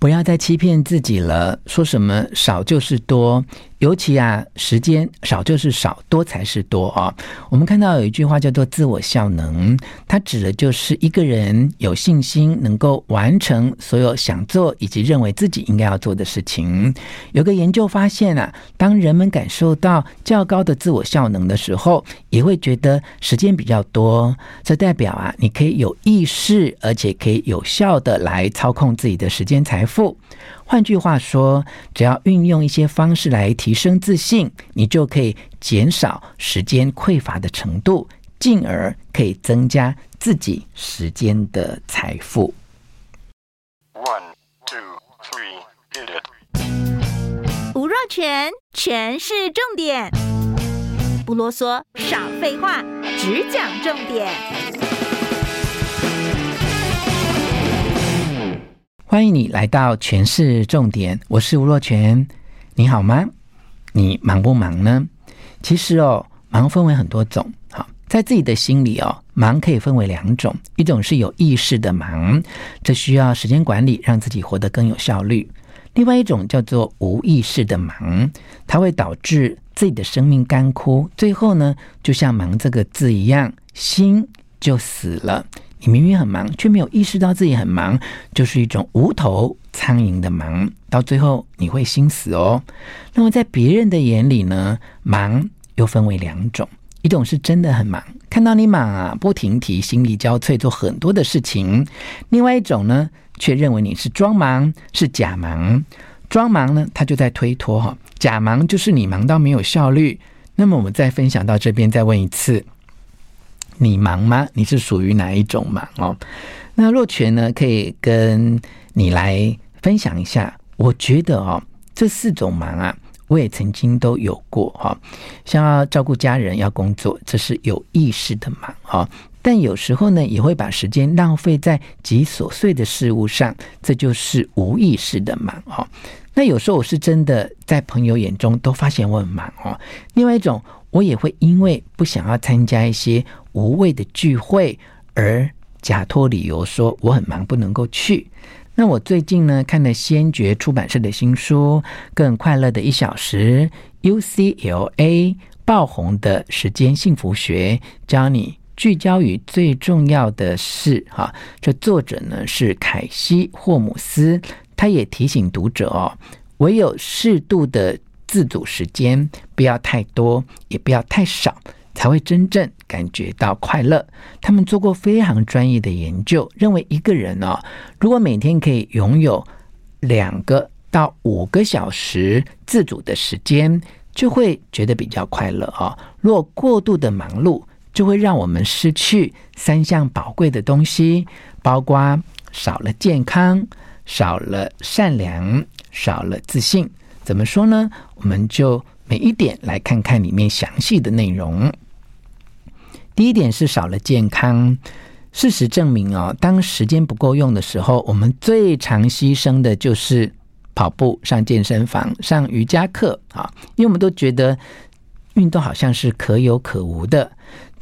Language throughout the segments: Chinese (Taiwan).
不要再欺騙自己了，說什麼少就是多。尤其啊，時間少就是少，多才是多啊、哦。我們看到有一句話叫做“自我效能”，它指的就是一個人有信心能夠完成所有想做以及認為自己應該要做的事情。有個研究發現啊，當人們感受到較高的自我效能的時候，也會覺得時間比較多。這代表啊，你可以有意識而且可以有效的來操控自己的時間財富。換句話說，只要運用一些方式來提升自信，你就可以減少時間匱乏的程度，進而可以增加自己時間的財富。One two three，hit it。吳若權，權式重點，不囉嗦，少廢話，只講重點。歡迎你來到權式重點，我是吳若權。你好嗎？你忙不忙呢？其實哦，忙分為很多種。好，在自己的心裡哦，忙可以分為兩種：一種是有意識的忙，這需要時間管理，讓自己活得更有效率；另外一種叫做無意識的忙，它會導致自己的生命乾枯，最後呢，就像“忙”這個字一樣，心就死了。你明明很忙，卻沒有意識到自己很忙，就是一種無頭蒼蠅的忙，到最後你會心死哦。那麼在別人的眼裡呢，忙又分為兩種：一種是真的很忙，看到你馬不停蹄，心力交瘁，做很多的事情；另外一種呢，卻認為你是裝忙，是假忙。裝忙呢，他就在推脫哈、哦；假忙就是你忙到沒有效率。那麼我們再分享到這邊，再問一次。你忙嗎？你是屬於哪一種忙哦？那若權呢？可以跟你來分享一下。我覺得哦，這四種忙啊，我也曾經都有過哈。像要照顧家人、要工作，這是有意識的忙哈。但有時候呢，也會把時間浪費在極瑣碎的事物上，這就是無意識的忙哈。那有時候我是真的在朋友眼中都發現我很忙哦。另外一種。我也會因為不想要參加一些無謂的聚會而假托理由說我很忙，不能夠去。那我最近呢，看了先覺出版社的新書《更快樂的一小時》，UCLA 爆紅的時間幸福學，教你聚焦於最重要的事。哈、啊，這作者呢，是凱西霍姆斯，他也提醒讀者哦，唯有適度的。自主時間不要太多，也不要太少，才會真正感覺到快樂。他們做過非常專業的研究，認為一個人哦，如果每天可以擁有兩個到五個小時自主的時間，就會覺得比較快樂哦。若過度的忙碌，就會讓我們失去三項寶貴的東西，包括少了健康，少了善良，少了自信。怎麼說呢？我們就每一點來看看裡面詳細的內容。第一點是少了健康。事實證明哦，當時間不夠用的時候，我們最常犧牲的就是跑步、上健身房、上瑜伽課啊，哦，因為我們都覺得運動好像是可有可無的。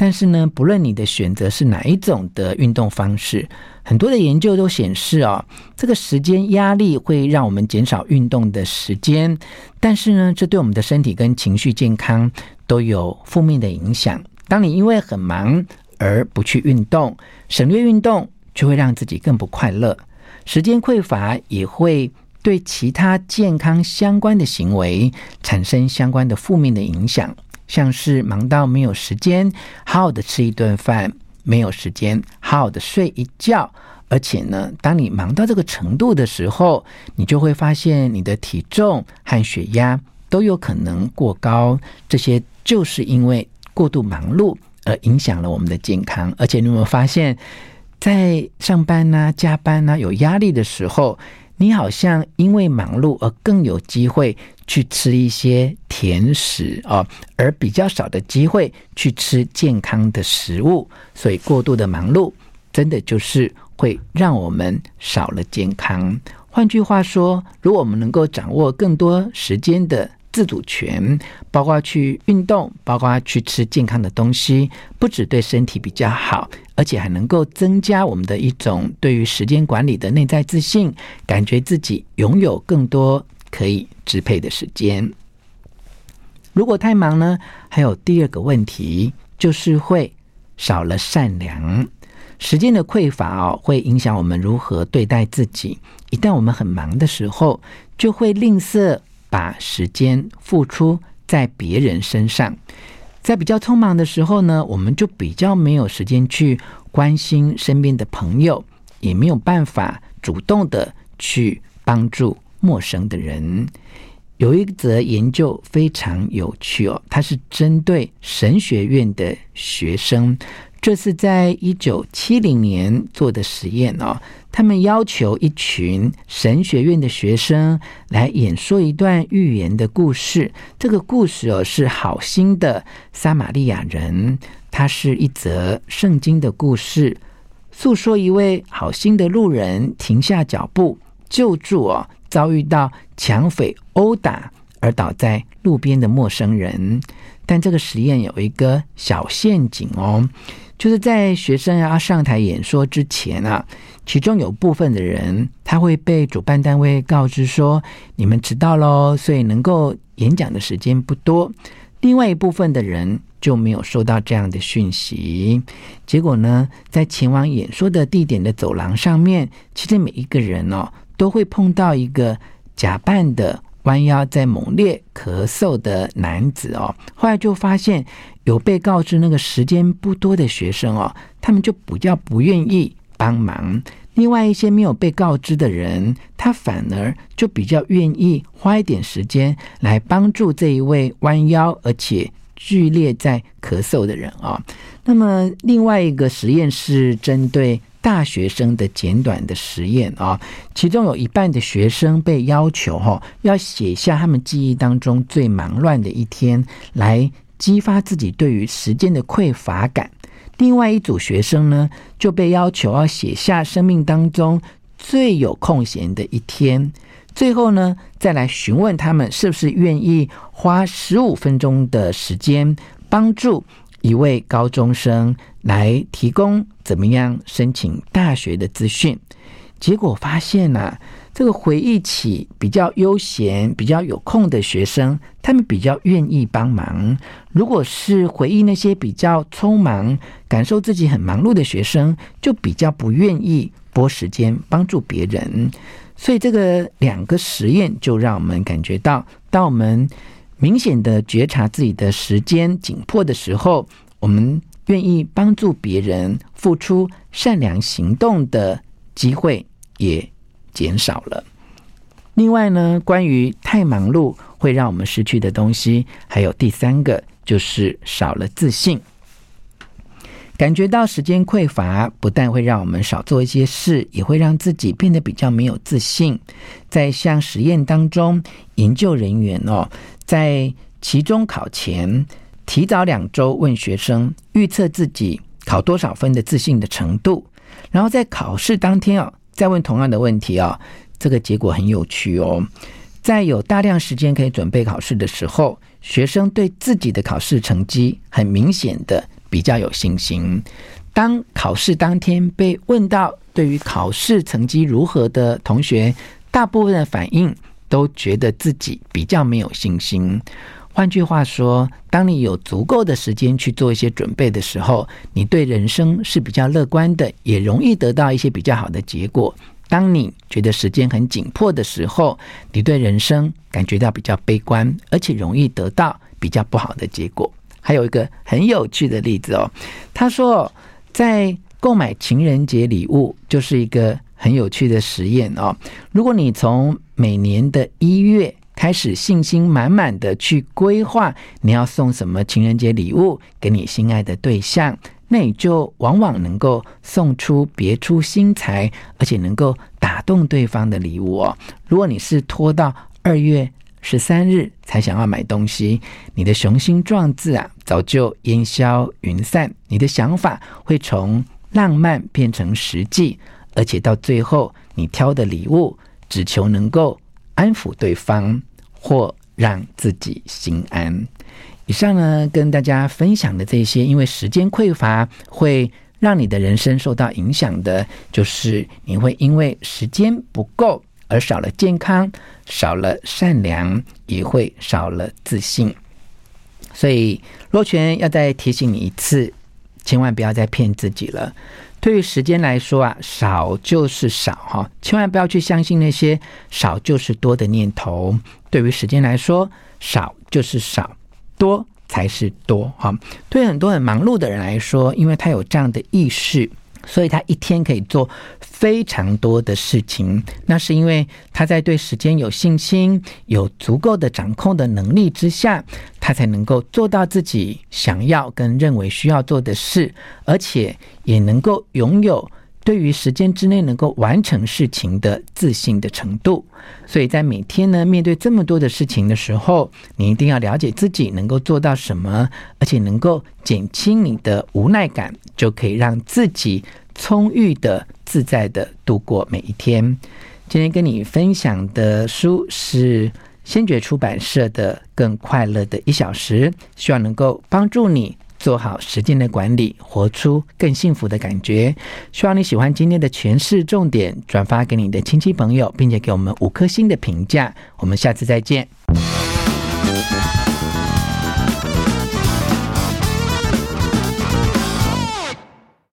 但是呢，不論你的選擇是哪一種的運動方式，很多的研究都顯示哦，這個時間壓力會讓我們減少運動的時間。但是呢，這對我們的身體跟情緒健康都有負面的影響。當你因為很忙而不去運動，省略運動就會讓自己更不快樂。時間匱乏也會對其他健康相關的行為產生相關的負面的影響。像是忙到沒有時間，好好的吃一頓飯，沒有時間，好好的睡一覺。而且呢，當你忙到這個程度的時候，你就會發現你的體重和血壓都有可能過高。這些就是因為過度忙碌而影響了我們的健康。而且你有沒有發現，在上班呢、啊、加班呢、啊、有壓力的時候，你好像因為忙碌而更有機會去吃一些。甜食啊，哦，而比較少的機會去吃健康的食物，所以過度的忙碌真的就是會讓我們少了健康。換句話說，如果我們能夠掌握更多時間的自主權，包括去運動，包括去吃健康的東西，不止對身體比較好，而且還能夠增加我們的一種對於時間管理的內在自信，感覺自己擁有更多可以支配的時間。如果太忙呢，還有第二個問題，就是會少了善良。時間的匱乏哦，會影響我們如何對待自己。一旦我們很忙的時候，就會吝嗇把時間付出在別人身上。在比較匆忙的時候呢，我們就比較沒有時間去關心身邊的朋友，也沒有辦法主動的去幫助陌生的人。有一則研究非常有趣哦，它是針對神學院的學生。這是在一九七零年做的實驗哦，他們要求一群神學院的學生來演說一段寓言的故事。這個故事哦是好心的撒瑪利亞人，它是一則聖經的故事，訴說一位好心的路人停下腳步救助哦。遭遇到搶匪毆打而倒在路邊的陌生人，但這個實驗有一個小陷阱哦，就是在學生要上台演說之前啊，其中有部分的人他會被主辦單位告知說你們遲到嘍，所以能夠演講的時間不多；另外一部分的人就沒有收到這樣的訊息。結果呢，在前往演說的地點的走廊上面，其實每一個人哦。都會碰到一個假扮的彎腰在猛烈咳嗽的男子哦。後來就發現，有被告知那個時間不多的學生哦，他們就比較不願意幫忙；另外一些沒有被告知的人，他反而就比較願意花一點時間來幫助這一位彎腰而且劇烈在咳嗽的人哦。那麼另外一個實驗是針對。大學生的簡短的實驗啊，其中有一半的學生被要求哈，要寫下他們記憶當中最忙亂的一天，來激發自己對於時間的匱乏感。另外一組學生呢，就被要求要寫下生命當中最有空閒的一天。最後呢，再來詢問他們是不是願意花十五分鐘的時間幫助。一位高中生來提供怎麼樣申請大學的資訊，結果發現呢、啊，這個回憶起比較悠閒、比較有空的學生，他們比較願意幫忙；如果是回憶那些比較匆忙、感受自己很忙碌的學生，就比較不願意撥時間幫助別人。所以這個兩個實驗就讓我們感覺到，當我們。明顯的覺察自己的時間緊迫的時候，我們願意幫助別人、付出善良行動的機會也減少了。另外呢，關於太忙碌會讓我們失去的東西，還有第三個就是少了自信。感覺到時間匱乏，不但會讓我們少做一些事，也會讓自己變得比較沒有自信。在一項實驗當中，研究人員哦，在期中考前提早兩周問學生預測自己考多少分的自信的程度，然後在考試當天哦，再問同樣的問題哦，這個結果很有趣哦。在有大量時間可以準備考試的時候，學生對自己的考試成績很明顯的。比較有信心。當考試當天被問到對於考試成績如何的同學，大部分的反應都覺得自己比較沒有信心。換句話說，當你有足夠的時間去做一些準備的時候，你對人生是比較樂觀的，也容易得到一些比較好的結果。當你覺得時間很緊迫的時候，你對人生感覺到比較悲觀，而且容易得到比較不好的結果。還有一個很有趣的例子哦，他說，在購買情人節禮物就是一個很有趣的實驗哦。如果你從每年的一月開始信心滿滿的去規劃你要送什麼情人節禮物給你心愛的對象，那你就往往能夠送出別出心裁而且能夠打動對方的禮物哦。如果你是拖到二月，十三日才想要買東西，你的雄心壯志啊，早就煙消雲散。你的想法會從浪漫變成實際，而且到最後，你挑的禮物只求能夠安撫對方或讓自己心安。以上呢，跟大家分享的這些，因為時間匱乏會讓你的人生受到影響的，就是你會因為時間不夠。而少了健康，少了善良，也會少了自信。所以，若權要再提醒你一次，千萬不要再騙自己了。對於時間來說啊，少就是少哈，千萬不要去相信那些少就是多的念頭。對於時間來說，少就是少，多才是多哈。對很多很忙碌的人來說，因為他有這樣的意識。所以他一天可以做非常多的事情，那是因為他在對時間有信心、有足夠的掌控的能力之下，他才能夠做到自己想要跟認為需要做的事，而且也能夠擁有。對於時間之內能夠完成事情的自信的程度，所以在每天呢，面對這麼多的事情的時候，你一定要了解自己能夠做到什麼，而且能夠減輕你的無奈感，就可以讓自己充裕的、自在的度過每一天。今天跟你分享的書是先覺出版社的《更快樂的一小時》，希望能夠幫助你。做好時間的管理，活出更幸福的感覺。希望你喜歡今天的權式重點，轉發給你的親戚朋友，並且給我們五顆星的評價。我們下次再見。